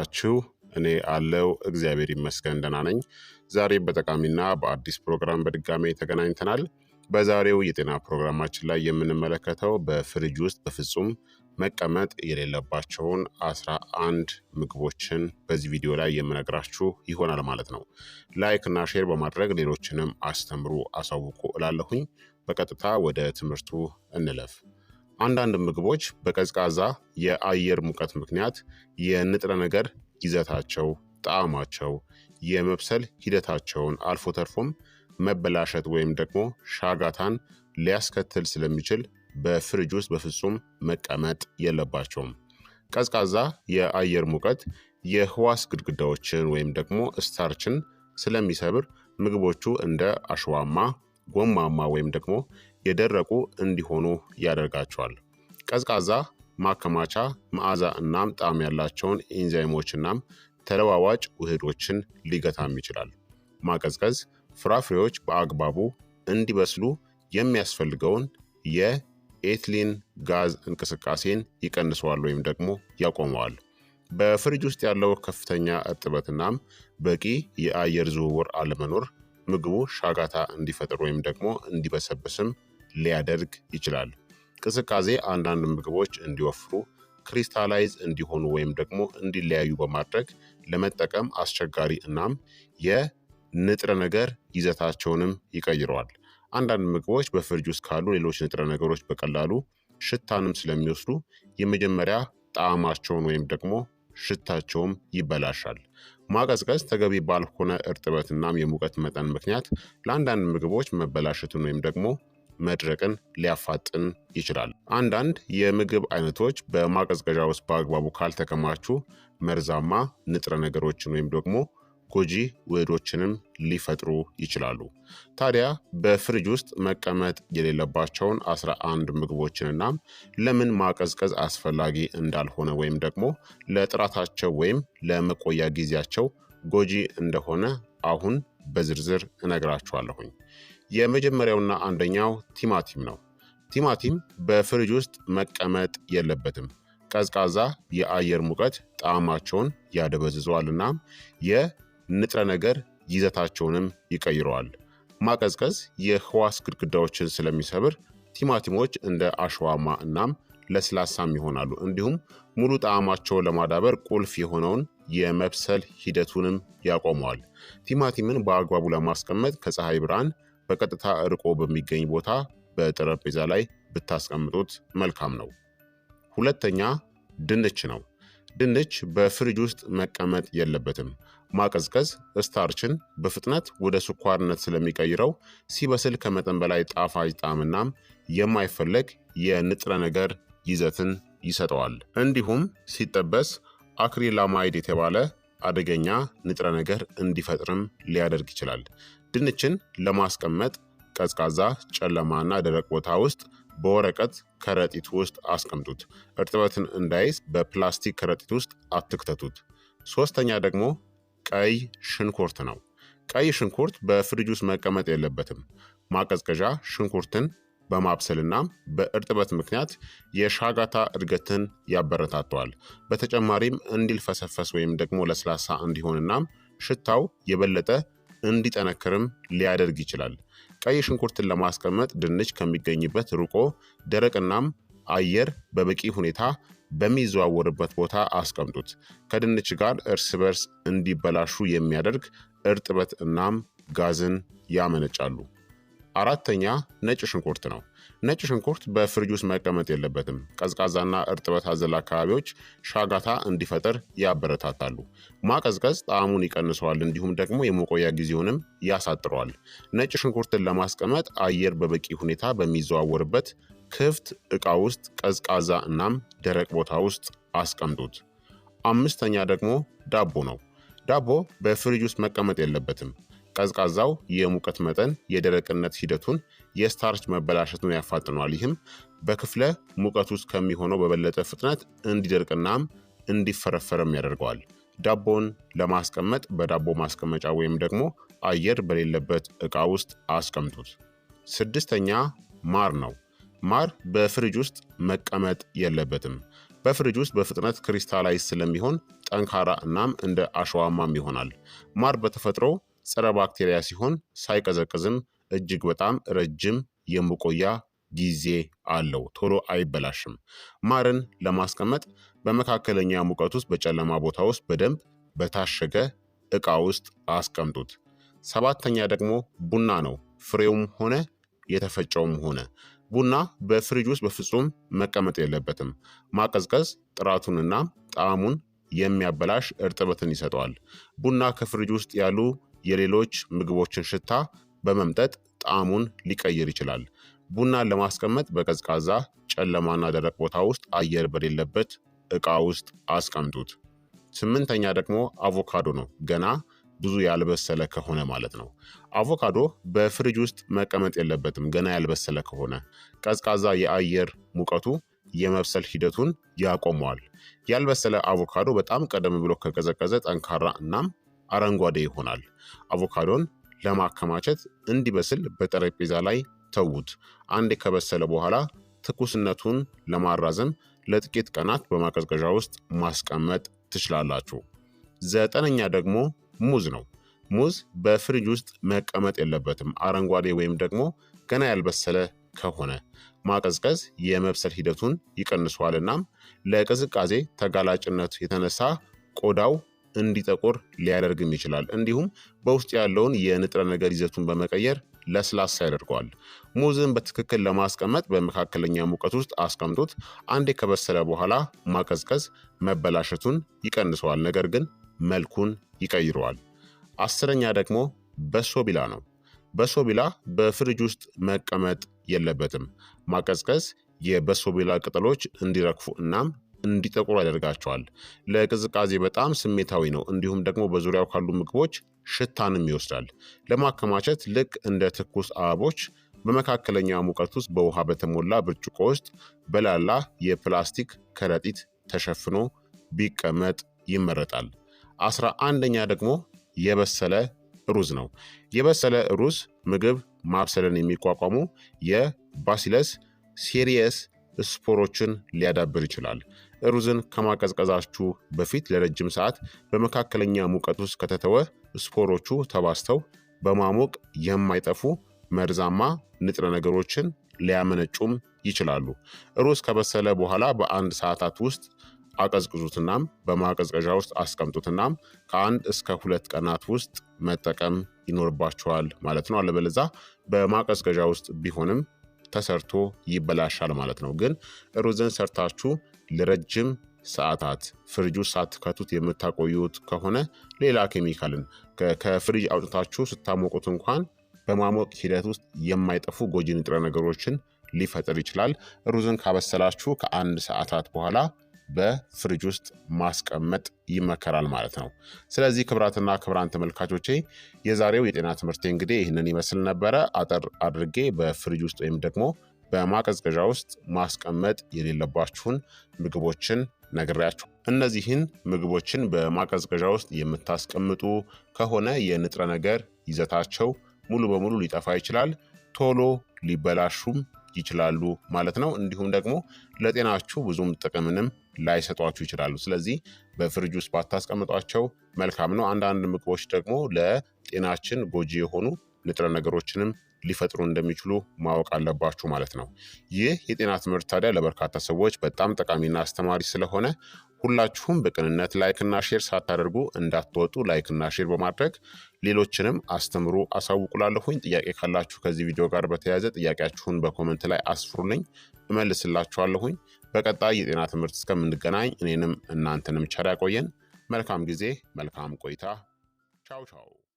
አችሁ እኔ አለው እግዚአብሔር ይመስገን ደህና ነኝ። ዛሬ በጠቃሚና በአዲስ ፕሮግራም በድጋሜ ተገናኝተናል። በዛሬው የጤና ፕሮግራማችን ላይ የምንመለከተው በፍሪጅ ውስጥ በፍጹም መቀመጥ የሌለባቸውን አስራ አንድ ምግቦችን በዚህ ቪዲዮ ላይ የምነግራችሁ ይሆናል ማለት ነው። ላይክ እና ሼር በማድረግ ሌሎችንም አስተምሩ፣ አሳውቁ እላለሁኝ። በቀጥታ ወደ ትምህርቱ እንለፍ። አንዳንድ ምግቦች በቀዝቃዛ የአየር ሙቀት ምክንያት የንጥረ ነገር ይዘታቸው፣ ጣዕማቸው፣ የመብሰል ሂደታቸውን አልፎ ተርፎም መበላሸት ወይም ደግሞ ሻጋታን ሊያስከትል ስለሚችል በፍሪጅ ውስጥ በፍጹም መቀመጥ የለባቸውም። ቀዝቃዛ የአየር ሙቀት የህዋስ ግድግዳዎችን ወይም ደግሞ ስታርችን ስለሚሰብር ምግቦቹ እንደ አሸዋማ ጎማማ ወይም ደግሞ የደረቁ እንዲሆኑ ያደርጋቸዋል። ቀዝቃዛ ማከማቻ መዓዛ እናም ጣዕም ያላቸውን ኢንዛይሞች እናም ተለዋዋጭ ውህዶችን ሊገታም ይችላል። ማቀዝቀዝ ፍራፍሬዎች በአግባቡ እንዲበስሉ የሚያስፈልገውን የኤትሊን ጋዝ እንቅስቃሴን ይቀንሰዋል ወይም ደግሞ ያቆመዋል። በፍሪጅ ውስጥ ያለው ከፍተኛ እርጥበትናም በቂ የአየር ዝውውር አለመኖር ምግቡ ሻጋታ እንዲፈጥር ወይም ደግሞ እንዲበሰብስም ሊያደርግ ይችላል። ቅዝቃዜ አንዳንድ ምግቦች እንዲወፍሩ ክሪስታላይዝ እንዲሆኑ ወይም ደግሞ እንዲለያዩ በማድረግ ለመጠቀም አስቸጋሪ እናም የንጥረ ነገር ይዘታቸውንም ይቀይረዋል። አንዳንድ ምግቦች በፍርጅ ውስጥ ካሉ ሌሎች ንጥረ ነገሮች በቀላሉ ሽታንም ስለሚወስዱ የመጀመሪያ ጣዕማቸውን ወይም ደግሞ ሽታቸውም ይበላሻል። ማቀዝቀዝ ተገቢ ባልሆነ እርጥበትናም የሙቀት መጠን ምክንያት ለአንዳንድ ምግቦች መበላሸትን ወይም ደግሞ መድረቅን ሊያፋጥን ይችላል። አንዳንድ የምግብ አይነቶች በማቀዝቀዣ ውስጥ በአግባቡ ካልተከማቹ መርዛማ ንጥረ ነገሮችን ወይም ደግሞ ጎጂ ውህዶችንም ሊፈጥሩ ይችላሉ። ታዲያ በፍሪጅ ውስጥ መቀመጥ የሌለባቸውን 11 ምግቦችንና ለምን ማቀዝቀዝ አስፈላጊ እንዳልሆነ ወይም ደግሞ ለጥራታቸው ወይም ለመቆያ ጊዜያቸው ጎጂ እንደሆነ አሁን በዝርዝር እነግራችኋለሁኝ። የመጀመሪያውና አንደኛው ቲማቲም ነው። ቲማቲም በፍሪጅ ውስጥ መቀመጥ የለበትም። ቀዝቃዛ የአየር ሙቀት ጣዕማቸውን ያደበዝዘዋልና የ ንጥረ ነገር ይዘታቸውንም ይቀይረዋል። ማቀዝቀዝ የህዋስ ግድግዳዎችን ስለሚሰብር ቲማቲሞች እንደ አሸዋማ እናም ለስላሳም ይሆናሉ። እንዲሁም ሙሉ ጣዕማቸውን ለማዳበር ቁልፍ የሆነውን የመብሰል ሂደቱንም ያቆመዋል። ቲማቲምን በአግባቡ ለማስቀመጥ ከፀሐይ ብርሃን በቀጥታ እርቆ በሚገኝ ቦታ በጠረጴዛ ላይ ብታስቀምጡት መልካም ነው። ሁለተኛ ድንች ነው። ድንች በፍሪጅ ውስጥ መቀመጥ የለበትም። ማቀዝቀዝ ስታርችን በፍጥነት ወደ ስኳርነት ስለሚቀይረው ሲበስል ከመጠን በላይ ጣፋጭ ጣዕምናም የማይፈለግ የንጥረ ነገር ይዘትን ይሰጠዋል። እንዲሁም ሲጠበስ አክሪላማይድ የተባለ አደገኛ ንጥረ ነገር እንዲፈጥርም ሊያደርግ ይችላል። ድንችን ለማስቀመጥ ቀዝቃዛ፣ ጨለማና ደረቅ ቦታ ውስጥ በወረቀት ከረጢት ውስጥ አስቀምጡት። እርጥበትን እንዳይዝ በፕላስቲክ ከረጢት ውስጥ አትክተቱት። ሶስተኛ ደግሞ ቀይ ሽንኩርት ነው። ቀይ ሽንኩርት በፍሪጅ ውስጥ መቀመጥ የለበትም። ማቀዝቀዣ ሽንኩርትን በማብሰልና በእርጥበት ምክንያት የሻጋታ እድገትን ያበረታተዋል። በተጨማሪም እንዲልፈሰፈስ ወይም ደግሞ ለስላሳ እንዲሆንና ሽታው የበለጠ እንዲጠነክርም ሊያደርግ ይችላል። ቀይ ሽንኩርትን ለማስቀመጥ ድንች ከሚገኝበት ርቆ ደረቅናም አየር በበቂ ሁኔታ በሚዘዋወርበት ቦታ አስቀምጡት። ከድንች ጋር እርስ በርስ እንዲበላሹ የሚያደርግ እርጥበት እናም ጋዝን ያመነጫሉ። አራተኛ ነጭ ሽንኩርት ነው። ነጭ ሽንኩርት በፍሪጅ ውስጥ መቀመጥ የለበትም። ቀዝቃዛና እርጥበት አዘል አካባቢዎች ሻጋታ እንዲፈጠር ያበረታታሉ። ማቀዝቀዝ ጣዕሙን ይቀንሰዋል፣ እንዲሁም ደግሞ የመቆያ ጊዜውንም ያሳጥረዋል። ነጭ ሽንኩርትን ለማስቀመጥ አየር በበቂ ሁኔታ በሚዘዋወርበት ክፍት ዕቃ ውስጥ ቀዝቃዛ እናም ደረቅ ቦታ ውስጥ አስቀምጡት። አምስተኛ ደግሞ ዳቦ ነው። ዳቦ በፍሪጅ ውስጥ መቀመጥ የለበትም። ቀዝቃዛው የሙቀት መጠን የደረቅነት ሂደቱን የስታርች መበላሸቱን ያፋጥኗል። ይህም በክፍለ ሙቀት ውስጥ ከሚሆነው በበለጠ ፍጥነት እንዲደርቅናም እንዲፈረፈርም ያደርገዋል። ዳቦን ለማስቀመጥ በዳቦ ማስቀመጫ ወይም ደግሞ አየር በሌለበት ዕቃ ውስጥ አስቀምጡት። ስድስተኛ ማር ነው። ማር በፍሪጅ ውስጥ መቀመጥ የለበትም። በፍሪጅ ውስጥ በፍጥነት ክሪስታላይዝ ስለሚሆን ጠንካራ እናም እንደ አሸዋማም ይሆናል። ማር በተፈጥሮ ጸረ ባክቴሪያ ሲሆን ሳይቀዘቅዝም እጅግ በጣም ረጅም የመቆያ ጊዜ አለው። ቶሎ አይበላሽም። ማርን ለማስቀመጥ በመካከለኛ ሙቀት ውስጥ በጨለማ ቦታ ውስጥ በደንብ በታሸገ እቃ ውስጥ አስቀምጡት። ሰባተኛ ደግሞ ቡና ነው። ፍሬውም ሆነ የተፈጨውም ሆነ ቡና በፍሪጅ ውስጥ በፍጹም መቀመጥ የለበትም። ማቀዝቀዝ ጥራቱንና ጣዕሙን የሚያበላሽ እርጥበትን ይሰጠዋል። ቡና ከፍሪጅ ውስጥ ያሉ የሌሎች ምግቦችን ሽታ በመምጠጥ ጣዕሙን ሊቀይር ይችላል። ቡናን ለማስቀመጥ በቀዝቃዛ ጨለማና ደረቅ ቦታ ውስጥ አየር በሌለበት እቃ ውስጥ አስቀምጡት። ስምንተኛ ደግሞ አቮካዶ ነው። ገና ብዙ ያልበሰለ ከሆነ ማለት ነው። አቮካዶ በፍሪጅ ውስጥ መቀመጥ የለበትም። ገና ያልበሰለ ከሆነ ቀዝቃዛ የአየር ሙቀቱ የመብሰል ሂደቱን ያቆመዋል። ያልበሰለ አቮካዶ በጣም ቀደም ብሎ ከቀዘቀዘ ጠንካራ እናም አረንጓዴ ይሆናል። አቮካዶን ለማከማቸት እንዲበስል በጠረጴዛ ላይ ተዉት። አንዴ ከበሰለ በኋላ ትኩስነቱን ለማራዘም ለጥቂት ቀናት በማቀዝቀዣ ውስጥ ማስቀመጥ ትችላላችሁ። ዘጠነኛ ደግሞ ሙዝ ነው። ሙዝ በፍሪጅ ውስጥ መቀመጥ የለበትም። አረንጓዴ ወይም ደግሞ ገና ያልበሰለ ከሆነ ማቀዝቀዝ የመብሰል ሂደቱን ይቀንሷል። እናም ለቅዝቃዜ ተጋላጭነት የተነሳ ቆዳው እንዲጠቁር ሊያደርግም ይችላል። እንዲሁም በውስጥ ያለውን የንጥረ ነገር ይዘቱን በመቀየር ለስላሳ ያደርገዋል። ሙዝን በትክክል ለማስቀመጥ በመካከለኛ ሙቀት ውስጥ አስቀምጡት። አንዴ ከበሰለ በኋላ ማቀዝቀዝ መበላሸቱን ይቀንሰዋል፣ ነገር ግን መልኩን ይቀይረዋል። አስረኛ ደግሞ በሶ ቢላ ነው። በሶ ቢላ በፍሪጅ ውስጥ መቀመጥ የለበትም። ማቀዝቀዝ የበሶ ቢላ ቅጠሎች እንዲረግፉ እናም እንዲጠቁር ያደርጋቸዋል። ለቅዝቃዜ በጣም ስሜታዊ ነው። እንዲሁም ደግሞ በዙሪያው ካሉ ምግቦች ሽታንም ይወስዳል። ለማከማቸት ልክ እንደ ትኩስ አበቦች በመካከለኛ ሙቀት ውስጥ በውሃ በተሞላ ብርጭቆ ውስጥ በላላ የፕላስቲክ ከረጢት ተሸፍኖ ቢቀመጥ ይመረጣል። አስራ አንደኛ ደግሞ የበሰለ ሩዝ ነው። የበሰለ ሩዝ ምግብ ማብሰልን የሚቋቋሙ የባሲለስ ሴሪየስ ስፖሮችን ሊያዳብር ይችላል። ሩዝን ከማቀዝቀዛችሁ በፊት ለረጅም ሰዓት በመካከለኛ ሙቀት ውስጥ ከተተወ ስፖሮቹ ተባስተው በማሞቅ የማይጠፉ መርዛማ ንጥረ ነገሮችን ሊያመነጩም ይችላሉ። ሩዝ ከበሰለ በኋላ በአንድ ሰዓታት ውስጥ አቀዝቅዙትናም በማቀዝቀዣ ውስጥ አስቀምጡትናም ከአንድ እስከ ሁለት ቀናት ውስጥ መጠቀም ይኖርባቸዋል ማለት ነው። አለበለዛ በማቀዝቀዣ ውስጥ ቢሆንም ተሰርቶ ይበላሻል ማለት ነው። ግን ሩዝን ሰርታችሁ ለረጅም ሰዓታት ፍሪጅ ውስጥ ሳትከቱት የምታቆዩት ከሆነ ሌላ ኬሚካልን ከፍሪጅ አውጥታችሁ ስታሞቁት እንኳን በማሞቅ ሂደት ውስጥ የማይጠፉ ጎጂ ንጥረ ነገሮችን ሊፈጥር ይችላል። ሩዝን ካበሰላችሁ ከአንድ ሰዓታት በኋላ በፍሪጅ ውስጥ ማስቀመጥ ይመከራል ማለት ነው። ስለዚህ ክብራትና ክብራን ተመልካቾቼ የዛሬው የጤና ትምህርቴ እንግዲህ ይህንን ይመስል ነበረ። አጠር አድርጌ በፍሪጅ ውስጥ ወይም ደግሞ በማቀዝቀዣ ውስጥ ማስቀመጥ የሌለባችሁን ምግቦችን ነግሬያችሁ እነዚህን ምግቦችን በማቀዝቀዣ ውስጥ የምታስቀምጡ ከሆነ የንጥረ ነገር ይዘታቸው ሙሉ በሙሉ ሊጠፋ ይችላል፣ ቶሎ ሊበላሹም ይችላሉ ማለት ነው። እንዲሁም ደግሞ ለጤናችሁ ብዙም ጥቅምንም ላይሰጧችሁ ይችላሉ። ስለዚህ በፍሪጅ ውስጥ ባታስቀምጧቸው መልካም ነው። አንዳንድ ምግቦች ደግሞ ለጤናችን ጎጂ የሆኑ ንጥረ ነገሮችንም ሊፈጥሩ እንደሚችሉ ማወቅ አለባችሁ ማለት ነው። ይህ የጤና ትምህርት ታዲያ ለበርካታ ሰዎች በጣም ጠቃሚና አስተማሪ ስለሆነ ሁላችሁም በቅንነት ላይክና ሼር ሳታደርጉ እንዳትወጡ ላይክና ሼር በማድረግ ሌሎችንም አስተምሩ አሳውቁላለሁኝ። ጥያቄ ካላችሁ ከዚህ ቪዲዮ ጋር በተያያዘ ጥያቄያችሁን በኮመንት ላይ አስፍሩልኝ፣ እመልስላችኋለሁኝ። በቀጣይ የጤና ትምህርት እስከምንገናኝ እኔንም እናንተንም ቸር ያቆየን። መልካም ጊዜ፣ መልካም ቆይታ። ቻው ቻው።